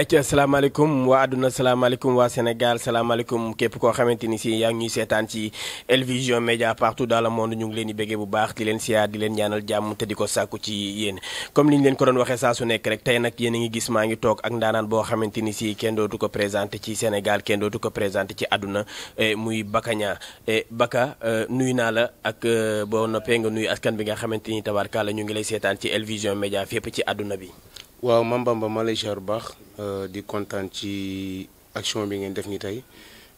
ayca salaamaaleykum waa àdduna salaamaaleykum waa Sénégal salaamaaleykum képp koo xamante ni si yaa ngi ñuy seetaan ci El Vision Média partout daal le monde ñu ngi leen di béggee bu baax di leen siyaar di leen ñaanal jàmm te di ko sàkku ci yéen comme li ñu leen ko doon waxee saa su nekk rek tey nag yéen ngi gis maa ngi toog ak ndaanaan boo xamante ni si kenn dootu ko présenté ci Sénégal kenn dootu ko présenté ci àdduna e, muy Baka ñaa e, Baka e, nuyu naa la ak boo noppee nga nuyu askan bi nga xamante ni tabarka la ñu ngi lay ci El Média fépp ci àdduna bi waaw Mame Bamba maa lay bu baax euh, di kontaan ci action bi ngeen def ni tey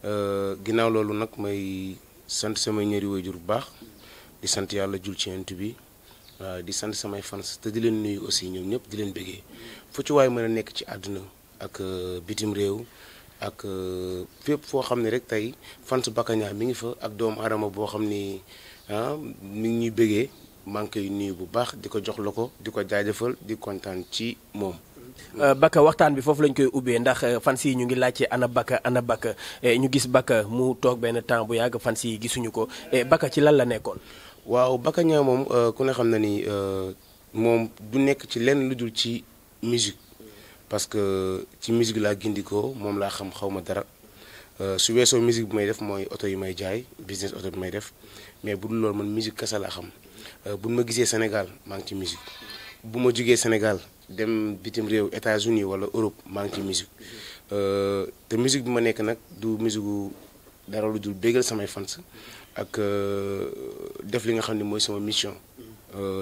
euh, ginnaaw loolu nag may sant samay ñaari waajur bu baax di sant yàlla jul ci ent bi waaw di sant samay fans te di leen nuyu aussi ñoom ñëpp di leen bëggee fu ci waay mën a nekk ci àdduna ak euh, bitim réew ak fépp foo xam ne rek tey fans Backa Niang mi ngi fa ak doomu aadama boo xam ni ah mi ñuy bëggee maa ngi koy bu baax di ko jox la ko di ko jaajëfal di kontaan ci moom. Euh, Baka waxtaan bi foofu lañ koy ubbee ndax euh, fan si ñu ngi laaj laajte ana Baka ana Baka euh, ñu gis Baka mu toog benn temps bu yàgg fan si gisuñu ko Baka ci lan la nekkoon. waaw Baka Niang moom ku ne xam na ni moom du nekk ci lenn lu dul ci musique parce que ci musique laa gindikoo moom laa xam xawma dara su weesoo musique bi may def mooy oto yi may jaay business oto bi may def mais bu dul loolu man musique kasa laa xam. Euh, bu ma gisee Sénégal maa ngi ci musique bu ma jugee Sénégal dem bitim réew États-Unis wala Europe maa ngi ci musique euh, te musique bi ma nekk nag du musique gu dara lu dul bégal samay fans ak euh, def li nga xam ne mooy sama mission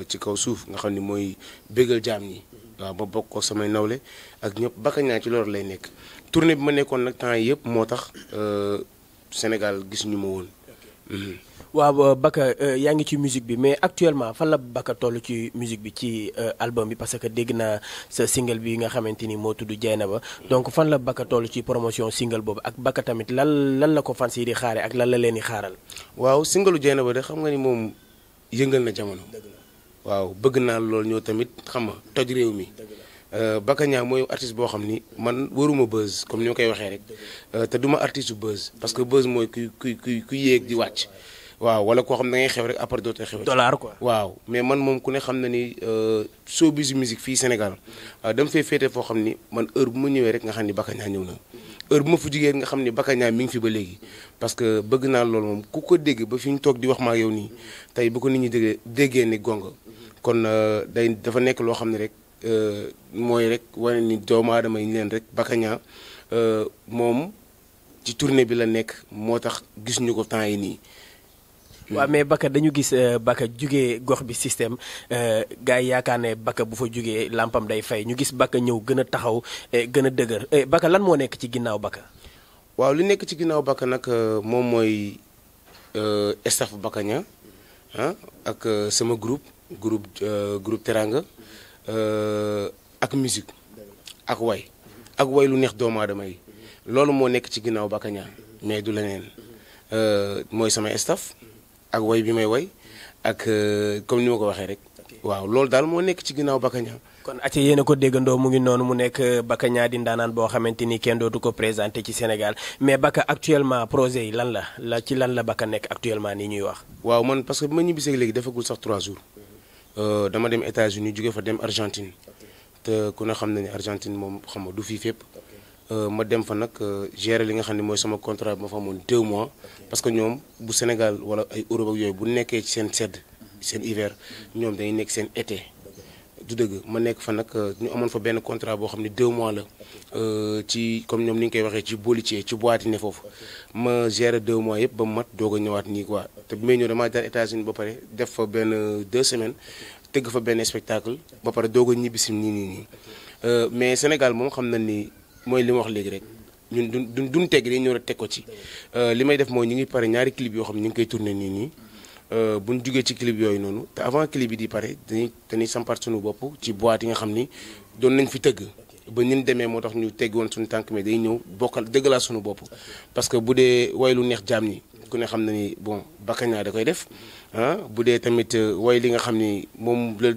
ci kaw suuf nga xam ni mooy bégal jaam ñi waaw ba bokk ko samay nawle ak ñëpp bakkañ naa ci loolu lay nekk tournée bi ma nekkoon nag temps yëpp moo tax Sénégal gisuñu ma woon mhm. waaw euh, Baka euh, yaa ngi ci musique bi mais actuellement fan la Baka toll ci musique bi ci euh, album bi parce que dégg naa sa single bi nga xamante ni moo tudd ba donc fan la Baka toll ci promotion single boobu ak Baka tamit lan lan la ko fan yi di xaare ak lan la leen di xaaral. waaw single Dieynaba de xam nga ni moom yëngal na jamono. waaw bëgg naa lool ñoo tamit xam nga toj réew mi. Baka Niang mooy artiste boo xam ni man waruma buzz comme ni koy waxee rek te duma artiste buzz parce que buzz mooy kuy kuy kuy kuy yéeg di wàcc. waaw wala koo xam ne da xew rek après dootoo xew. dollar quoi waaw mais man moom ku ne xam na ni euh, showbiz musique fii Sénégal euh, dama fee féete foo xam ni man heure bu ma ñëwee rek nga xam ni Bakaña ñëw na heure bu ma fu nga xam ni Bakaña mi ngi fi ba léegi. parce que bëgg naa loolu moom ku ko dégg ba fi toog di wax maa nii tey bu ko nit ñi déggee ni gonga kon euh, day dafa nekk loo xam ne rek mooy rek wane ni doomu yi leen rek Bakaña moom ci tournée bi la nekk moo tax gis ñu ko temps yi nii. waaw mais Baka dañu gis euh, Baka jugee gox bi système euh, gars yi yaakaar Baka bu fa lampam day fay ñu gis Baka ñëw gën a taxaw euh, gën a Baka lan moo nekk ci ginnaaw Baka. waaw li nekk ci ginnaaw Baka nag moom mooy staff Baka ña ah, ak sama groupe groupe groupe Teranga ak musique ak way ak way lu neex doomu aadama yi loolu bakanya nekk ci ginnaaw Baka ña mais du leneen sama staff. ak woy bi may woy ak euh, comme ni ma ko waxee rek. waaw loolu daal moo nekk ci ginnaaw Bakaña. kon acca yéen a ko déggandoo mu ngi noonu mu nekk euh, Bakaña di ndaanaan boo xamante ni kenn dootu ko présenté ci Sénégal mais Baka actuellement projet yi lan la la ci lan la bakka nekk actuellement ni ñuy wax. waaw man parce que bi ma ñibbisee léegi defagul sax 3 jours. Euh, dama dem États-Unis jóge fa dem Argentine. te ku ne xam na ne Argentine moom xam nga du fii fépp. Euh, ma dem fa nag euh, gérer li nga xam ne mooy sama contrat bi ma fa amoon deux mois parce que ñoom bu Sénégal wala ay Europe ak yooyu bu nekkee ci seen sedd seen hiver ñoom dañuy nekk seen été du dëgg ma nekk fa nag euh, ñu amoon fa benn contrat boo xam ne deux mois la ci comme ñoom ni ñu koy waxee ci bolitier ci boîte ne foofu ma gérer deux mois yëpp ba mat doog a ñëwaat nii quoi te bu may ñëw dama jaar États-Unis ba pare def fa benn deux semaines tëgg fa benn spectacle ba pare doog a ñibbi si nii nii nii mais Sénégal moom xam na ni. mooy li ma wax léegi rek ñun duñ duñ duñ teg dañu war a teg ko ci. Euh, li may def mooy ñu ngi pare ñaari clip yoo xam ne ñu ngi koy tourné nii nii euh, bu ñu jugee ci clip yooyu noonu te avant clip yi di pare dañuy dañuy sampaat suñu bopp ci boîte yi nga xam ni doon nañ fi tëgg. ba ñun demee moo tax ñu tegg suñu tànk mais day ñëw bokkal dëggalaat suñu bopp. parce que bu dee way lu neex jaam ñi. ku ne xam na ni bon bakkañaa da koy def ah bu dee tamit euh, way li nga xam ni moom la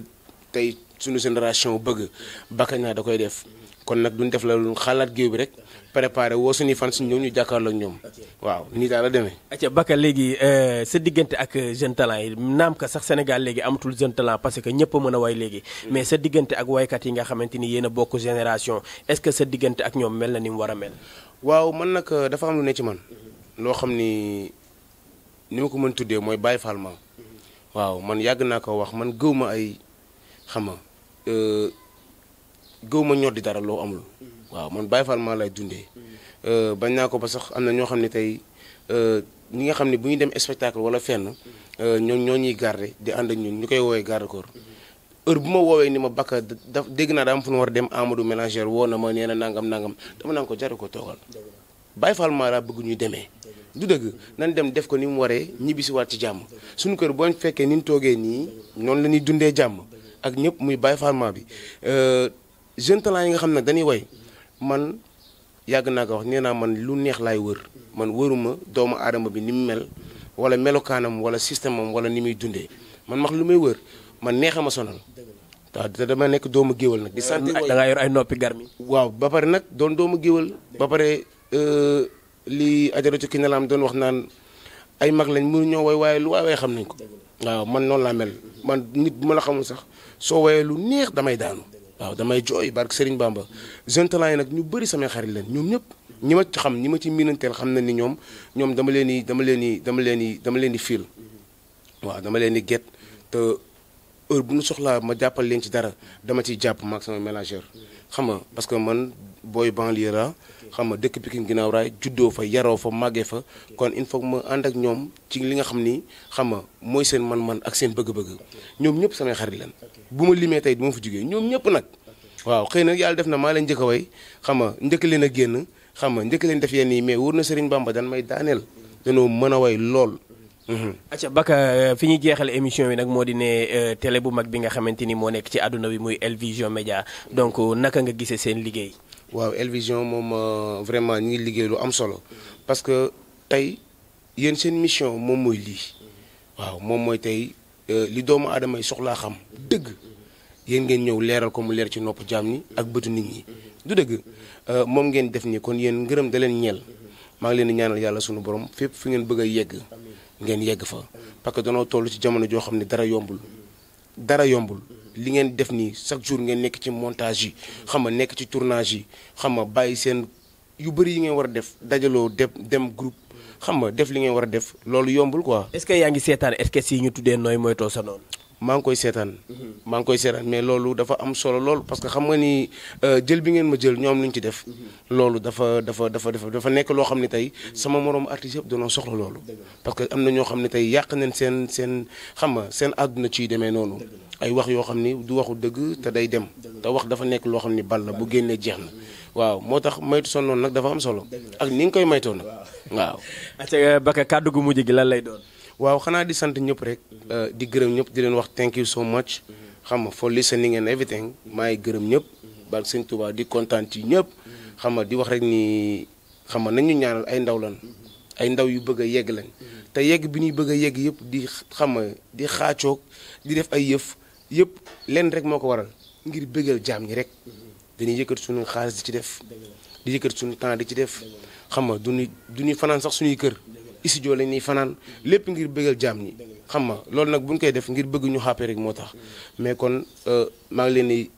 tey suñu génération bëgg bakkañaa da koy def. kon nag duñ def la lu xalaat géew bi rek préparé woo suñuy fan suñ ñëw ñu jàkkaarloo ak ñoom waaw nii daal la demee. acca Bakka léegi euh, sa diggante ak jeune talent yi naam ka sax Sénégal léegi amatul jeune talent parce que ñëpp mën a way léegi mm. mais sa diggante ak waykat yi nga xamante ni yéen a bokk génération est-ce que sa diggante ak ñoom mel na ni mu war a mel. waaw man nag euh, dafa am lu ne ci man. loo xam ni ni ma ko mën tuddee mooy Baye Fall mm-hmm. waaw man yàgg naa ko wax man gëw ma ay gëw ma ñor di dara loo amul. waaw man Baye Fall maa lay dundee. Euh, bañ naa ko ba sax am na ñoo xam ne tey euh, ñi nga xam ne bu ñu dem spectacle wala fenn. Euh, ñoo ñoo ñuy garder di ànd ak ñu koy woowee garde corps. bu ma woowee ni ma bakka da dégg naa daa am fu mu a dem Amadou woo na ma nee nangam nangam dama naan ko jaru ko toogal. Baye Fall maa laa bëgg demee. du dëgg nañ dem def ko ni mu waree ñibbisiwaat ci jàmm suñu kër boo fekkee ni ñu toogee nii noonu la dundee jàmm ñëpp muy Baye bi. jeune talent yi nga xam nag dañuy way man yàgg naa ko wax nee naa man lu neex laay wër man wëruma doomu aadama bi ni mu mel wala melokaanam wala système am wala ni muy dundee man max lu may wër man neex a ma sonal. waaw te dama nekk doomu géwal nag. di sant da nga yor ay noppi garmi waaw ba pare nag doon doomu géwal. ba pare euh, li ajaratu ki ne la am doon wax naan ay mag lañ mu ñoo way waaye lu waay waay xam nañ ko. waaw man noonu laa mel. man nit bu ma la xamul sax soo wayee lu neex damay daanu. waaw damay jooy barke Serigne Bamba jeune talent yi nag ñu bari samay xarit leen ñoom ñëpp ñi ma ci xam ñi ma ci miinanteel xam na ni ñoom ñoom dama leen di dama leen di dama leen di dama leen di fiil waaw dama leen di get te heure bu ñu soxlaa ma jàppal leen ci dara dama ciy jàpp maag sama manager xam nga parce man booy banlieue la xam nga dëkk Pikine ginnaaw raay juddoo fa yaroo fa màggee fa kon il ànd ak ñoom ci li nga xam ni xam nga mooy seen man-man ak seen bëgg-bëgg ñoom ñëpp samay xarit lan bu ma limee tey du ma fa jógee ñoom ñëpp nag waaw xëy na yàlla def na maa leen njëkk a way xam nga njëkk leen génn xam nga njëkk leen def yenn yi mais wóor na Serigne Bamba dan may daaneel danoo mën a way lool mhm. acca Baka euh, fi ñu jeexal émission bi nag moo di ne euh, télé bu mag bi nga xamante ni moo nekk ci àdduna bi muy El Vision Média donc euh, naka nga gise seen liggéey waaw Elvision moom euh, vraiment ñu ngi liggéey lu am solo parce que tey yéen seen mission moom mooy lii waaw moom mooy tey euh, li doomu aadama yi soxlaa xam dëgg yéen ngeen ñëw leeral ko mu leer ci nopp jaam ñi ak bëtu nit ñi du dëgg euh, moom ngeen def ni kon yéen ngërëm da leen ñeel maa ngi leen ñaanal yàlla sunu borom fépp fi ngeen bëgg a yegg ngeen yegg fa parce que danoo toll ci jamono joo xam ne dara yombul dara yombul li ngeen def nii chaque jour ngeen nekk ci montage yi xam nga nekk ci tournage yi xam nga bàyyi seen yu bëri yi ngeen war a def dajaloo dem dem groupe xam nga def li ngeen war a def loolu yombul quoi. est-ce que yaa ngi seetaan est yi ñu tuddee nooy moytoo sa noonu. maa ngi koy seetaan mhm. maa ngi koy seetaan mais loolu dafa am solo loolu parce que xam nga ni euh, jël bi ngeen ma jël ñoom lu ñu ci def mhm. loolu dafa dafa dafa dafa dafa nekk loo xam ne tey mhm. sama moroom artiste yëpp dañoo soxla loolu parce que am na ñoo xam ne tey yàq nañ seen seen xam nga seen àdduna ciy demee noonu ay wax yoo xam ni du waxu dëgg te day dem te wax dafa nekk loo xam ni bal la bu génnee jeex na waaw moo tax maytu sonnoon nag dafa am solo ak ni nga koy maytoo nag waaw acca Baka kàddu gu mujj gi lan lay doon waaw xanaa di sant ñëpp rek. Euh, di gërëm ñëpp di leen wax thank you so much. xam nga ni ngeen and everything maay gërëm ñëpp. barke sëñ Tuubaa di kontaan ci ñëpp. xam nga di wax rek ni xam nga nañu ñaanal ay ndaw lan ay ndaw yu bëgg a yegg lañ. te yegg bi ñuy bëgg a yegg yëpp di xam nga di xaacoog di def ay yëf yëpp lenn rek moo ko waral ngir bëggal jaam ñi rek. dañuy yëkkat suñu xaalis di ci def. di yëkkat suñu temps di ci def. xam nga du ñu du ñu fanaan sax suñuy kër. studio lañ ñuy fanaan lépp ngir bëggal jàmm ñi xam nga loolu nag bu ñu koy def ngir bëgg ñu xàppee rek moo tax mais kon euh, maa ngi leen di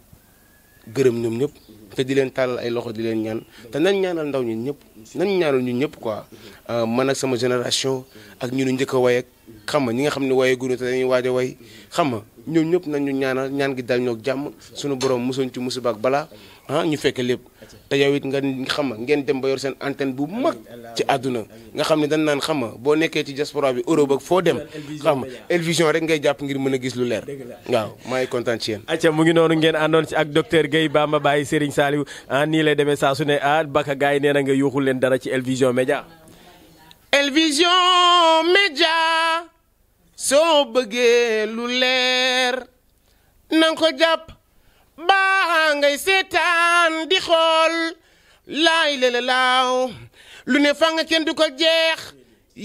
gërëm ñoom ñëpp te di leen tàllal ay loxo di leen ñaan te nañ ñaanal ndaw ñun ñëpp nañ ñaanal ñu ñëpp quoi euh, man ak sama génération ak ñu nu njëkk a way ak xam nga ñi nga xam ne waye gunu te dañuy waaj way xam nga ñoom ñëpp nañ ñu ñaanal ñaan gi dal ñoog jàmm sunu borom mosuñ ci musiba ak balaa ah ñu fekk lépp te yow it nga xam ngeen dem ba yor seen antenne bu mag ci àdduna nga xam ne dañ naan xam nga boo nekkee ci diaspora bi Europe ak foo dem xam nga rek ngay jàpp ngir mën a gis lu leer waaw maa ngi kontaan ci yéen acca mu ngi noonu ngeen àndoon ci ak docteur Guèye Bamba Baye Serigne Saliou ah nii lay demee saa su ne ah baka gars yi nga yuuxul leen dara ci El Vision Média El Vision Média soo bëggee lu leer na nga ko jàpp baa ngay seetaan di xool laay lëla laaw lu ne fang kenn du ko jeex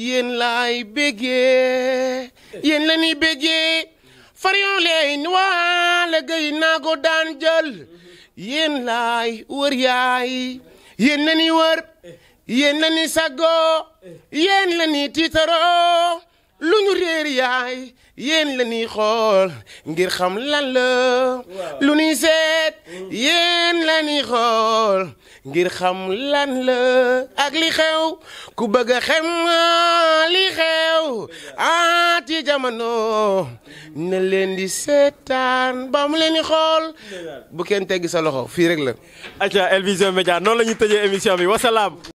yéen laay béggee yéen la ñuy béggee farion leen waa la gay daan jël yéen laay wër yaay yéen la ñuy wër yéen la ñuy saggoo yéen la ñuy tiitaroo lu ñu réer yaay yéen la ñuy xool ngir xam lan la lu nuy seet yéen la xool ngir xam lan la ak li xew ku bëgg a xem li xew ah ci jamono na leen di seetaan ba mu leen di xool bu kenn teggi sa loxo fii rek la. acca El Vision Médias noonu la ñuy tëjee émission bi wasalaam.